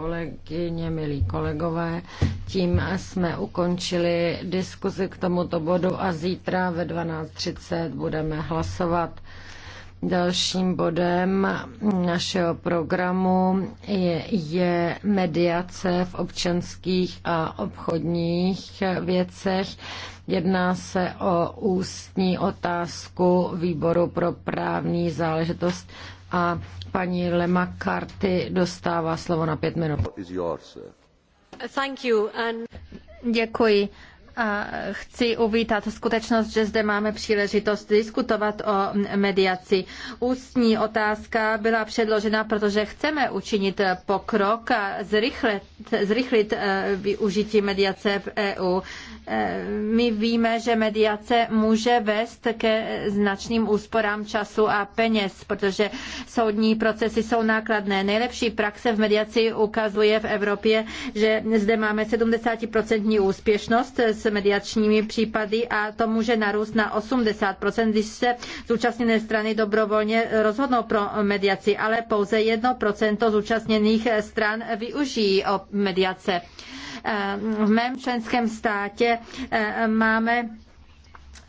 kolegyně, milí kolegové, tím jsme ukončili diskuzi k tomuto bodu a zítra ve 12.30 budeme hlasovat. Dalším bodem našeho programu je, je mediace v občanských a obchodních věcech. Jedná se o ústní otázku výboru pro právní záležitost a paní Lema Karty dostává slovo na pět minut. Děkuji. A chci uvítat skutečnost, že zde máme příležitost diskutovat o mediaci. Ústní otázka byla předložena, protože chceme učinit pokrok a zrychlit, zrychlit e, využití mediace v EU. E, my víme, že mediace může vést ke značným úsporám času a peněz, protože soudní procesy jsou nákladné. Nejlepší praxe v mediaci ukazuje v Evropě, že zde máme 70% úspěšnost s s mediačními případy a to může narůst na 80%, když se zúčastněné strany dobrovolně rozhodnou pro mediaci, ale pouze 1% zúčastněných stran využijí o mediace. Eh, v mém členském státě eh, máme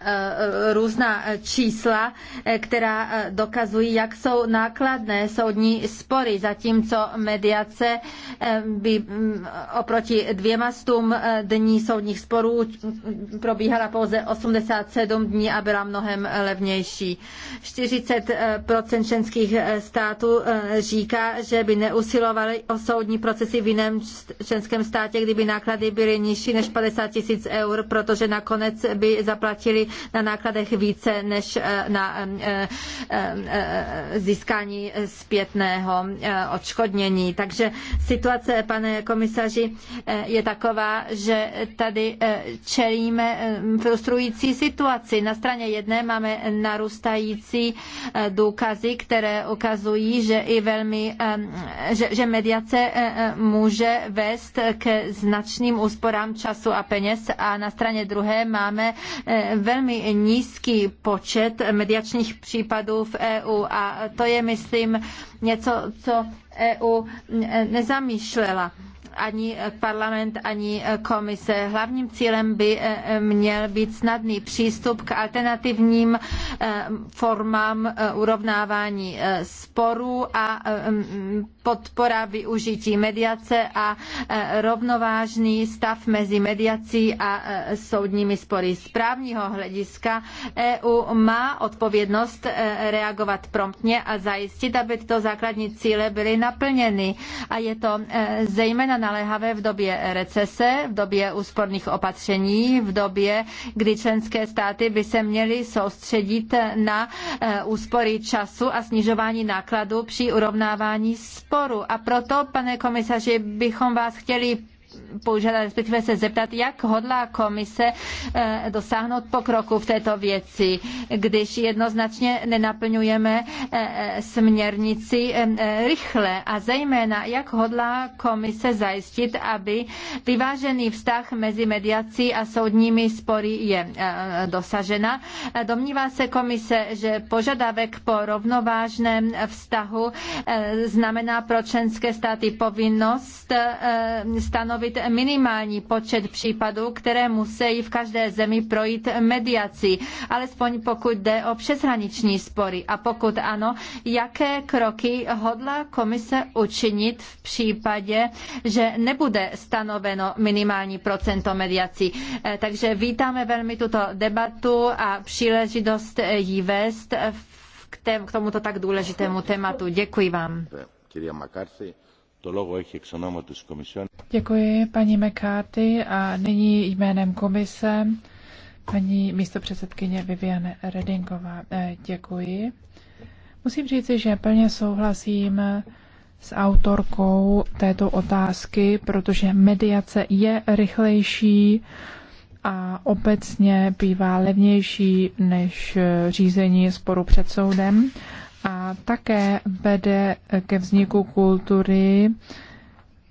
Eh, různá čísla, eh, která eh, dokazují, jak jsou nákladné soudní spory, zatímco mediace by mm, oproti dvěma stům dní soudních sporů probíhala pouze 87 dní a byla mnohem levnější. 40% členských států říká, že by neusilovali o soudní procesy v jiném členském státě, kdyby náklady byly nižší než 50 tisíc eur, protože nakonec by zaplatili na nákladech více než eh, na eh, eh, získání zpětného odškodnění. Takže situace, pane komisaři, je taková, že tady čelíme frustrující situaci. Na straně jedné máme narůstající důkazy, které ukazují, že i velmi, že, že mediace může vést ke značným úsporám času a peněz a na straně druhé máme velmi velmi nízký počet mediačních případů v EU a to je, myslím, něco, co EU nezamýšlela ani parlament, ani komise. Hlavním cílem by eh, měl být snadný přístup k alternativním eh, formám eh, urovnávání sporů a mm, podpora využití mediace a rovnovážný stav mezi mediací a soudními spory. Z právního hlediska EU má odpovědnost reagovat promptně a zajistit, aby tyto základní cíle byly naplněny. A je to zejména naléhavé v době recese, v době úsporných opatření, v době, kdy členské státy by se měly soustředit na eh, úspory času a snižování nákladů při urovnávání sporu. A proto, pane komisaři, bychom vás chtěli požádat, respektive se zeptat, jak hodlá komise eh, dosáhnout pokroku v této věci, když jednoznačně nenaplňujeme eh, eh, směrnici rychle a zejména, jak hodlá komise zajistit, aby vyvážený vztah mezi mediací a soudními spory je dosažena. Domnívá se komise, že požadavek po rovnovážném vztahu znamená pro členské státy povinnost stanovit stanovit minimální počet případů, které musí v každé zemi projít mediací, alespoň pokud jde o přeshraniční spory. A pokud ano, jaké kroky hodla komise učinit v případě, že nebude stanoveno minimální procento mediací. Eh, takže vítáme velmi tuto debatu a příležitost eh, ji vést k tomuto tak důležitému tématu. Děkuji vám. Děkuji paní McCarthy a nyní jménem komise paní místopředsedkyně Viviane Redinková. Eh, děkuji. Musím říci, že plně souhlasím s autorkou této otázky, protože mediace je rychlejší a obecně bývá levnější než řízení sporu před soudem také vede ke vzniku kultury,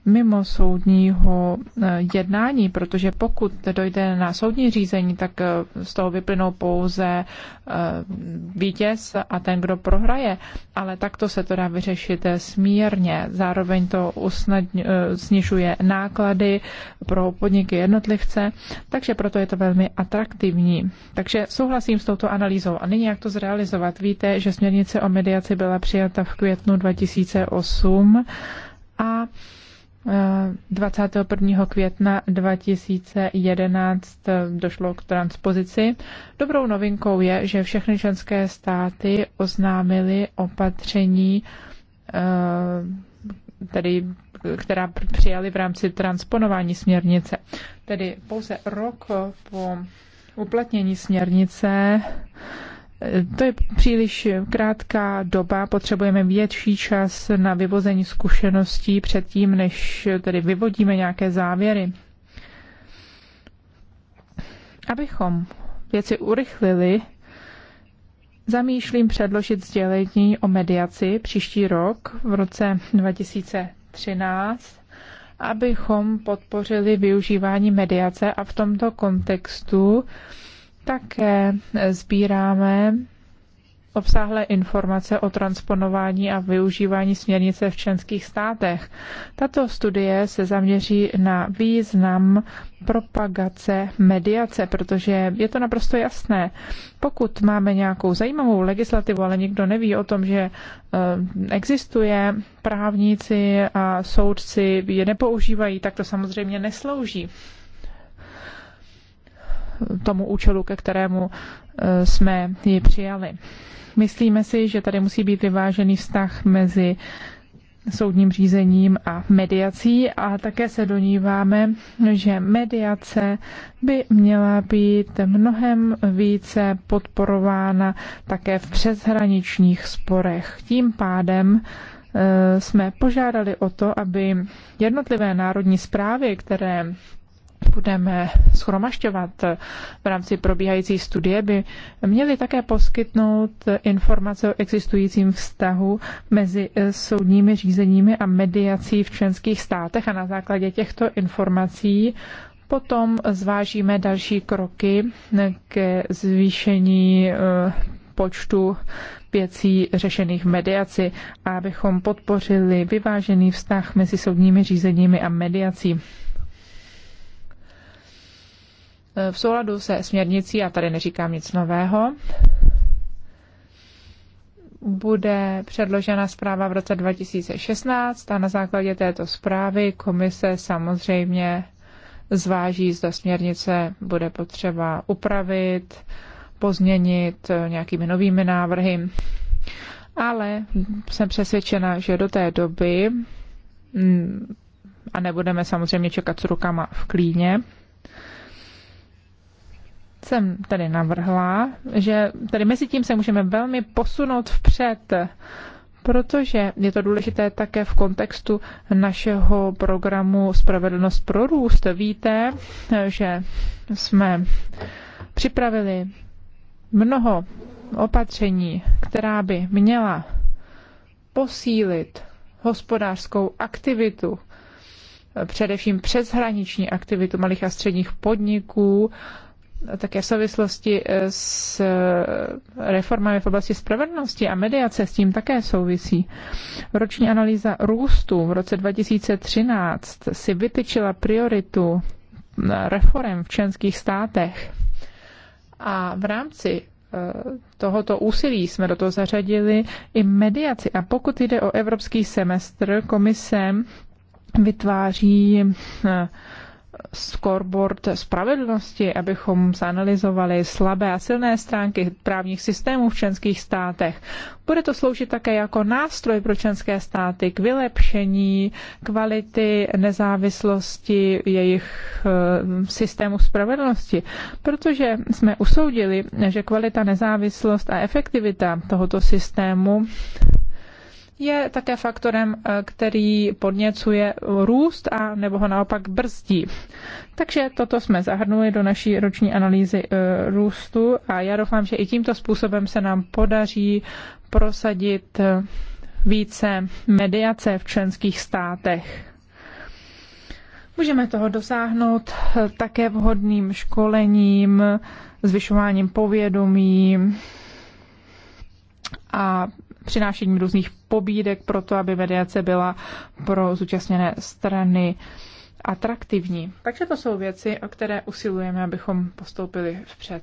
mimo soudního eh, jednání, protože pokud dojde na soudní řízení, tak eh, z toho vyplynou pouze eh, vítěz a ten, kdo prohraje. Ale takto se to dá vyřešit smírně. Zároveň to snižuje náklady pro podniky jednotlivce, takže proto je to velmi atraktivní. Takže souhlasím s touto analýzou. A nyní jak to zrealizovat? Víte, že směrnice o mediaci byla přijata v květnu 2008 a 21. Eh, května 2011 eh, došlo k transpozici. Dobrou novinkou je, že všechny členské státy oznámily opatření, eh, tedy, která přijali v rámci transponování směrnice. Tedy pouze rok po uplatnění směrnice to je příliš krátká doba, potřebujeme větší čas na vyvození zkušeností předtím, než tedy vyvodíme nějaké závěry. Abychom věci urychlili, zamýšlím předložit sdělení o mediaci příští rok v roce 2013 abychom podpořili využívání mediace a v tomto kontextu také eh, sbíráme obsáhlé informace o transponování a využívání směrnice v členských státech. Tato studie se zaměří na význam propagace mediace, protože je to naprosto jasné. Pokud máme nějakou zajímavou legislativu, ale nikdo neví o tom, že eh, existuje, právníci a soudci je nepoužívají, tak to samozřejmě neslouží tomu účelu, ke kterému e, jsme ji přijali. Myslíme si, že tady musí být vyvážený vztah mezi soudním řízením a mediací a také se doníváme, že mediace by měla být mnohem více podporována také v přeshraničních sporech. Tím pádem e, jsme požádali o to, aby jednotlivé národní zprávy, které budeme schromašťovat v rámci probíhající studie, by měly také poskytnout informace o existujícím vztahu mezi eh, soudními řízeními a mediací v členských státech a na základě těchto informací potom zvážíme další kroky eh, ke zvýšení eh, počtu věcí řešených v mediaci a abychom podpořili vyvážený vztah mezi soudními řízeními a mediací. Eh, v souladu se směrnicí, a tady neříkám nic nového, bude předložena zpráva v roce 2016 a na základě této zprávy komise samozřejmě zváží, zda směrnice bude potřeba upravit, pozměnit eh, nějakými novými návrhy. Ale jsem přesvědčena, že do té doby, mm, a nebudeme samozřejmě čekat s rukama v klíně, jsem tady navrhla, že tady mezi tím se můžeme velmi posunout vpřed, protože je to důležité také v kontextu našeho programu Spravedlnost pro růst. Víte, že jsme připravili mnoho opatření, která by měla posílit hospodářskou aktivitu, především přeshraniční aktivitu malých a středních podniků také v souvislosti s eh, reformami v oblasti spravedlnosti a mediace s tím také souvisí. Roční analýza růstu v roce 2013 si vytyčila prioritu eh, reform v členských státech. A v rámci eh, tohoto úsilí jsme do toho zařadili i mediaci. A pokud jde o evropský semestr, komise vytváří scoreboard spravedlnosti, abychom zanalizovali slabé a silné stránky právních systémů v členských státech. Bude to sloužit také jako nástroj pro členské státy k vylepšení kvality nezávislosti jejich eh, systému spravedlnosti, protože jsme usoudili, že kvalita, nezávislost a efektivita tohoto systému je také faktorem, eh, který podněcuje růst a nebo ho naopak brzdí. Takže toto jsme zahrnuli do naší roční analýzy eh, růstu a já doufám, že i tímto způsobem se nám podaří prosadit eh, více mediace v členských státech. Můžeme toho dosáhnout také vhodným školením, zvyšováním povědomí a přinášením různých pobídek pro to, aby mediace byla pro zúčastněné strany atraktivní. Takže to jsou věci, o které usilujeme, abychom postoupili vpřed.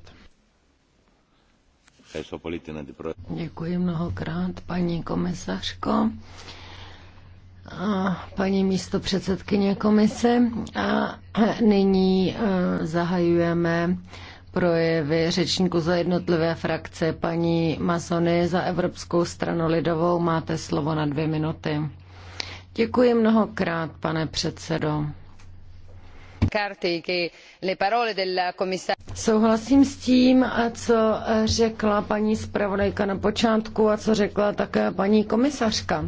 Děkuji mnohokrát, paní komisařko. A paní místo předsedkyně komise. A nyní eh, zahajujeme projevy řečníků za jednotlivé frakce. Paní Masony za Evropskou stranu lidovou máte slovo na dvě minuty. Děkuji mnohokrát, pane předsedo. Souhlasím s tím, co řekla paní zpravodajka na počátku a co řekla také paní komisařka.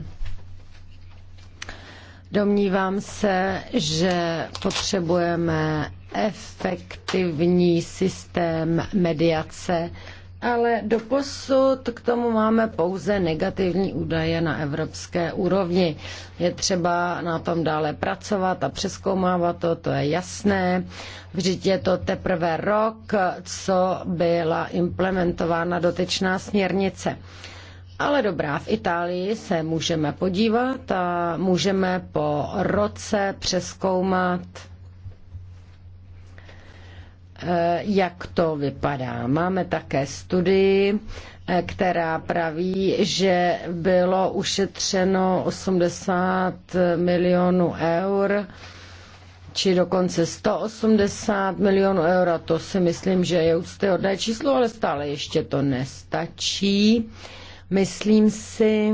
Domnívám se, že potřebujeme efektivní systém mediace, ale doposud k tomu máme pouze negativní údaje na evropské úrovni. Je třeba na tom dále pracovat a přeskoumávat to, to je jasné. Vždyť je to teprve rok, co byla implementována dotyčná směrnice. Ale dobrá, v Itálii se můžeme podívat a můžeme po roce přeskoumat, eh, jak to vypadá. Máme také studii, eh, která praví, že bylo ušetřeno 80 milionů eur či dokonce 180 milionů eur. A to si myslím, že je úctyhodné číslo, ale stále ještě to nestačí. Myslím si,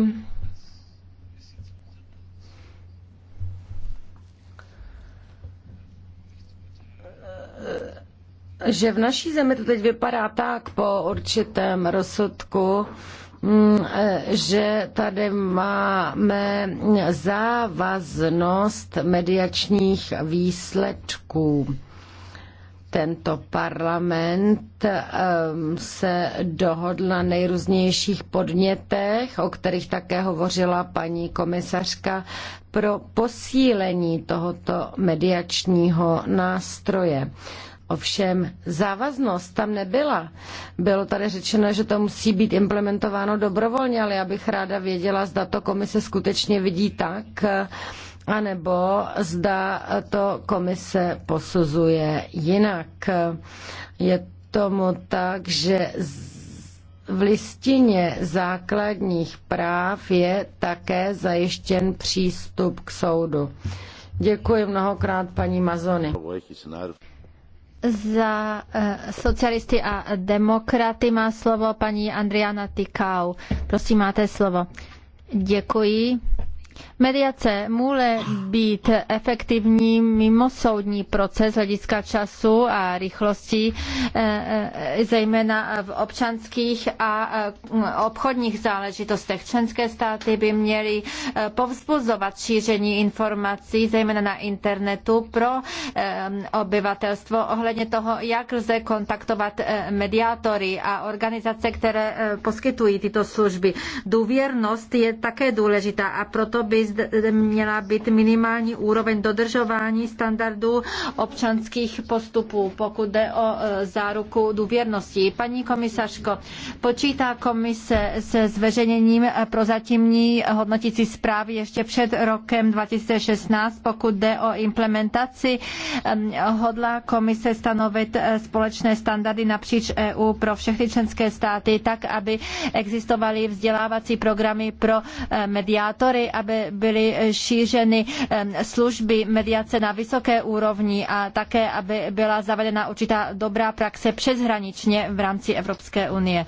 že v naší zemi to teď vypadá tak po určitém rozsudku, mm, že tady máme závaznost mediačních výsledků tento parlament ehm, se dohodl na nejrůznějších podnětech, o kterých také hovořila paní komisařka, pro posílení tohoto mediačního nástroje. Ovšem závaznost tam nebyla. Bylo tady řečeno, že to musí být implementováno dobrovolně, ale já bych ráda věděla, zda to komise skutečně vidí tak, anebo zda to komise posuzuje jinak. Je tomu tak, že v listině základních práv je také zajištěn přístup k soudu. Děkuji mnohokrát paní Mazony. Za eh, socialisty a demokraty má slovo paní Andriana Tikau. Prosím, máte slovo. Děkuji. Mediace může být efektivní mimo soudní proces hlediska času a rychlosti, eh, eh, zejména v občanských a eh, obchodních záležitostech. Členské státy by měly povzbuzovat šíření informací, zejména na internetu, pro obyvatelstvo ohledně toho, jak lze kontaktovat mediátory a organizace, které poskytují tyto služby. Důvěrnost je také důležitá a proto by měla být minimální úroveň dodržování standardů občanských postupů, pokud jde o e, záruku důvěrnosti. Paní komisařko, počítá komise se zveřejněním e, prozatímní hodnotící zprávy ještě před rokem 2016, pokud jde o implementaci, hodla komise stanovit e, společné standardy napříč EU pro všechny členské státy, tak aby existovaly vzdělávací programy pro mediátory, aby aby byly šířeny služby mediace na vysoké úrovni a také, aby byla zavedena určitá dobrá praxe přeshraničně v rámci Evropské unie.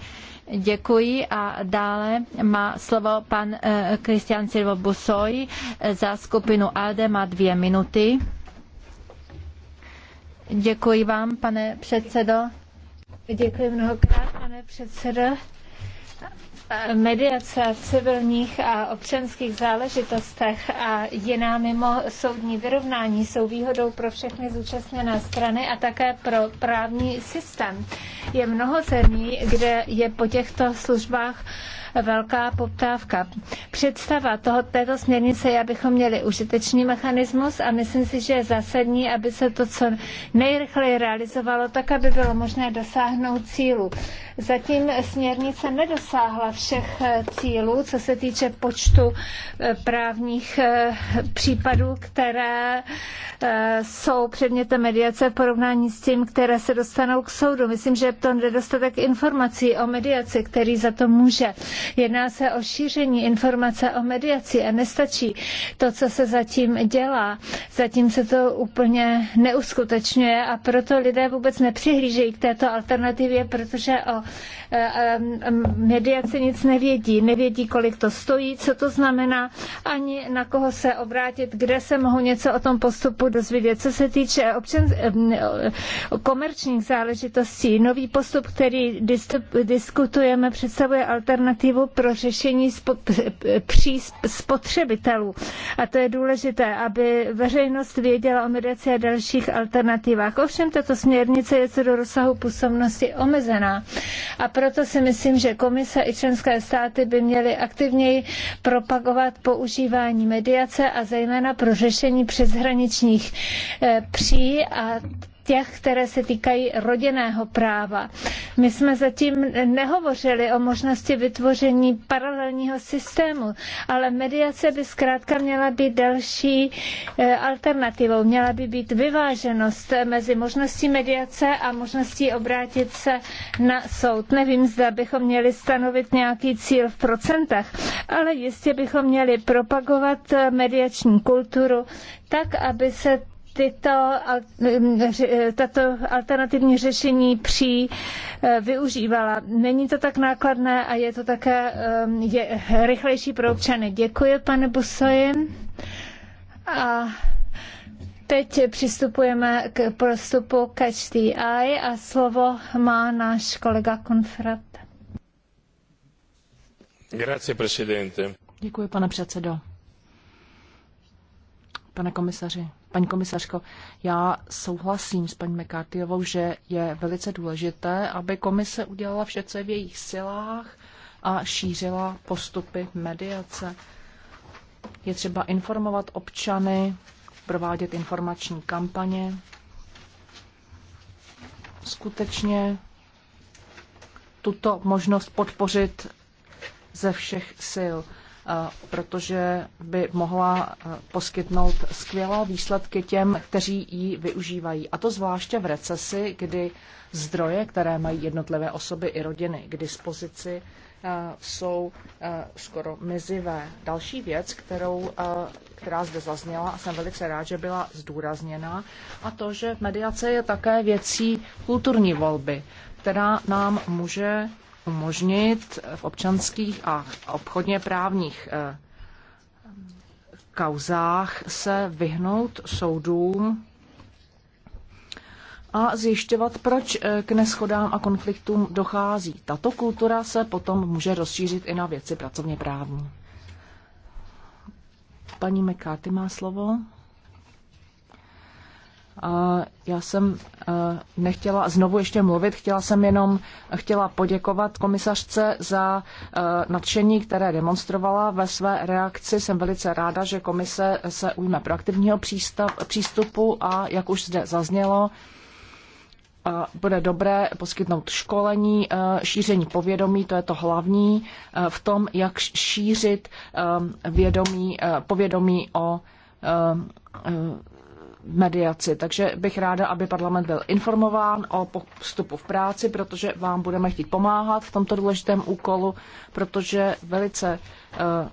Děkuji a dále má slovo pan Kristian eh, Silvo Busoj za skupinu ALDE, má dvě minuty. Děkuji vám, pane předsedo. Děkuji mnohokrát, pane předsedo mediace v civilních a občanských záležitostech a jiná mimo soudní vyrovnání jsou výhodou pro všechny zúčastněné strany a také pro právní systém. Je mnoho zemí, kde je po těchto službách velká poptávka. Představa toho, této směrnice je, abychom měli užitečný mechanismus a myslím si, že je zásadní, aby se to co nejrychleji realizovalo, tak, aby bylo možné dosáhnout cílu. Zatím směrnice nedosáhla všech eh, cílů, co se týče počtu eh, právních eh, případů, které jsou předmětem mediace v porovnání s tím, které se dostanou k soudu. Myslím, že je to nedostatek informací o mediaci, který za to může. Jedná se o šíření informace o mediaci a nestačí to, co se zatím dělá. Zatím se to úplně neuskutečňuje a proto lidé vůbec nepřihlížejí k této alternativě, protože o eh, mediaci nic nevědí. Nevědí, kolik to stojí, co to znamená, ani na koho se obrátit, kde se mohou něco o tom postupu dozvědět. Co se týče občan, komerčních záležitostí, nový postup, který diskutujeme, představuje alternativu iniciativu pro řešení pří spotřebitelů. A to je důležité, aby veřejnost věděla o mediaci a dalších alternativách. Ovšem, tato směrnice je co do rozsahu působnosti omezená. A proto si myslím, že komise i členské státy by měly aktivněji propagovat používání mediace a zejména pro řešení přeshraničních eh, pří a těch, které se týkají rodinného práva. My jsme zatím nehovořili o možnosti vytvoření paralelního systému, ale mediace by zkrátka měla být další eh, alternativou. Měla by být vyváženost mezi možností mediace a možností obrátit se na soud. Nevím, zda bychom měli stanovit nějaký cíl v procentech, ale jistě bychom měli propagovat eh, mediační kulturu tak, aby se tyto, e, tato alternativní řešení při e, využívala. Není to tak nákladné a je to také je, rychlejší pro občany. Děkuji, pane Busojen. A teď přistupujeme k prostupu Catch the Eye a slovo má náš kolega Konfrat. Grazie, presidente. Děkuji, pane předsedo pane komisaři, paní komisařko, já souhlasím s paní McCarthyovou, že je velice důležité, aby komise udělala vše, co je v jejich silách a šířila postupy mediace. Je třeba informovat občany, provádět informační kampaně. Skutečně tuto možnost podpořit ze všech sil. Eh, protože by mohla eh, poskytnout skvělé výsledky těm, kteří ji využívají. A to zvláště v recesi, kdy zdroje, které mají jednotlivé osoby i rodiny k dispozici, eh, jsou skoro mizivé. Další věc, kterou, která zde zazněla a jsem velice rád, že byla zdůrazněna, a to, že mediace je také věcí kulturní volby, která nám může umožnit v občanských a obchodně právních eh, kauzách se vyhnout soudům a zjišťovat, proč eh, k neschodám a konfliktům dochází. Tato kultura se potom může rozšířit i na věci pracovně právní. Paní McCarthy má slovo já jsem eh, nechtěla znovu ještě mluvit, chtěla jsem jenom chtěla poděkovat komisařce za eh, nadšení, které demonstrovala ve své reakci. Jsem velice ráda, že komise se ujme proaktivního přístupu a jak už zde zaznělo, eh, bude dobré poskytnout školení, šíření povědomí, to je to hlavní v tom, jak šířit vědomí, povědomí o mediaci. Takže bych ráda, aby parlament byl informován o postupu v práci, protože vám budeme chtít pomáhat v tomto důležitém úkolu, protože velice eh,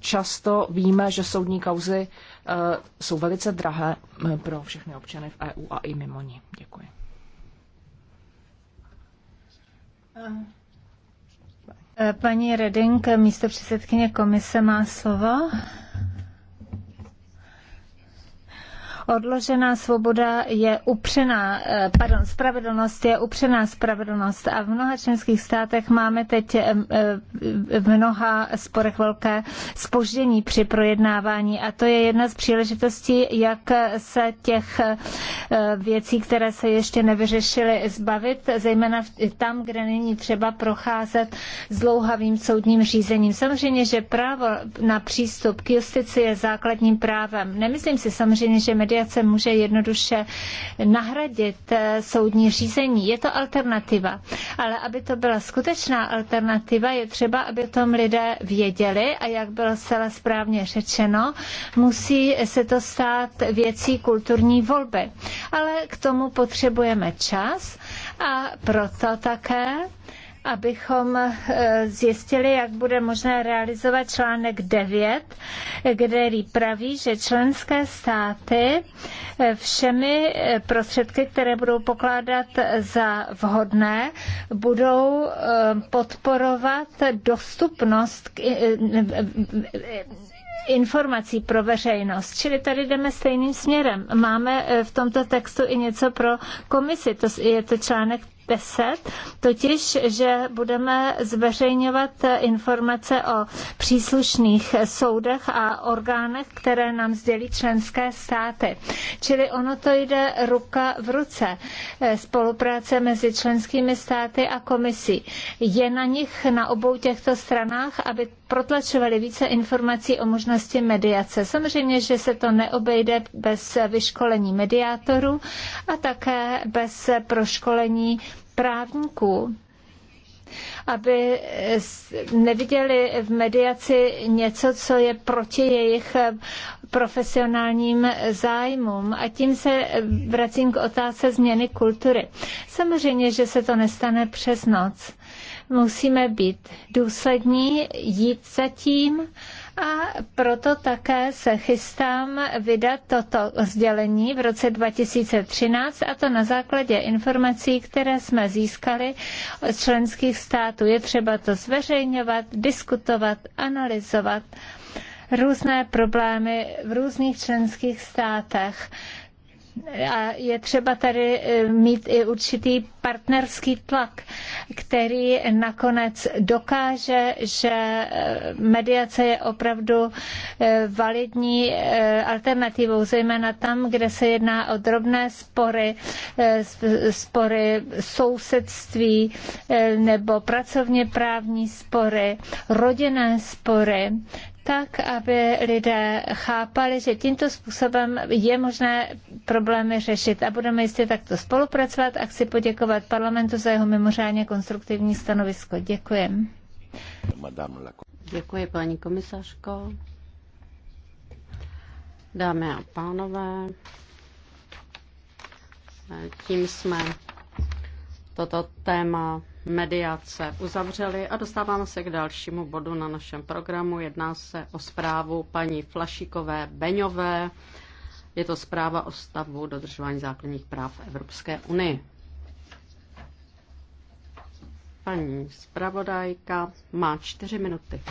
často víme, že soudní kauzy eh, jsou velice drahé eh, pro všechny občany v EU a i mimo ní. Děkuji. Paní Redink, místo předsedkyně komise, má slovo. odložená svoboda je upřená, eh, pardon, spravedlnost je upřená spravedlnost a v mnoha členských státech máme teď eh, eh, v mnoha sporech velké spoždění při projednávání a to je jedna z příležitostí, jak se těch věcí, které se ještě nevyřešily, zbavit, zejména tam, kde není třeba procházet zlouhavým soudním řízením. Samozřejmě, že právo na přístup k justici je základním právem. Nemyslím si samozřejmě, že média mediace může jednoduše nahradit eh, soudní řízení. Je to alternativa. Ale aby to byla skutečná alternativa, je třeba, aby o tom lidé věděli a jak bylo zcela správně řečeno, musí se to stát věcí kulturní volby. Ale k tomu potřebujeme čas a proto také abychom eh, zjistili, jak bude možné realizovat článek 9, který praví, že členské státy eh, všemi eh, prostředky, které budou pokládat za vhodné, budou podporovat dostupnost k informací pro veřejnost. Čili tady jdeme stejným směrem. Máme v tomto textu i něco pro komisi, to je to článek 10, totiž, že budeme zveřejňovat informace o příslušných soudech a orgánech, které nám sdělí členské státy. Čili ono to jde ruka v ruce. Spolupráce mezi členskými státy a komisí. Je na nich, na obou těchto stranách, aby protlačovali více informací o možnosti mediace. Samozřejmě, že se to neobejde bez vyškolení mediátorů a také bez proškolení právníků aby neviděli v mediaci něco, co je proti jejich profesionálním zájmům. A tím se vracím k otázce změny kultury. Samozřejmě, že se to nestane přes noc. Musíme být důslední, jít za tím a proto také se chystám vydat toto sdělení v roce 2013 a to na základě informací, které jsme získali od členských států. Je třeba to zveřejňovat, diskutovat, analyzovat různé problémy v různých členských státech a je třeba tady e, mít i určitý partnerský tlak, který nakonec dokáže, že e, mediace je opravdu e, validní alternativou, zejména tam, kde se jedná o drobné spory, spory sousedství nebo pracovně právní spory, rodinné spory, tak, aby lidé chápali, že tímto způsobem je možné problémy řešit. A budeme jistě takto spolupracovat a chci poděkovat parlamentu za jeho mimořádně konstruktivní stanovisko. Děkuji. Děkuji, paní komisařko. Dámy a pánové, tím jsme toto téma mediace uzavřeli a dostáváme se k dalšímu bodu na našem programu. Jedná se o zprávu paní Flašikové Beňové. Je to zpráva o stavu dodržování základních práv Evropské unii. Paní zpravodajka má čtyři minuty.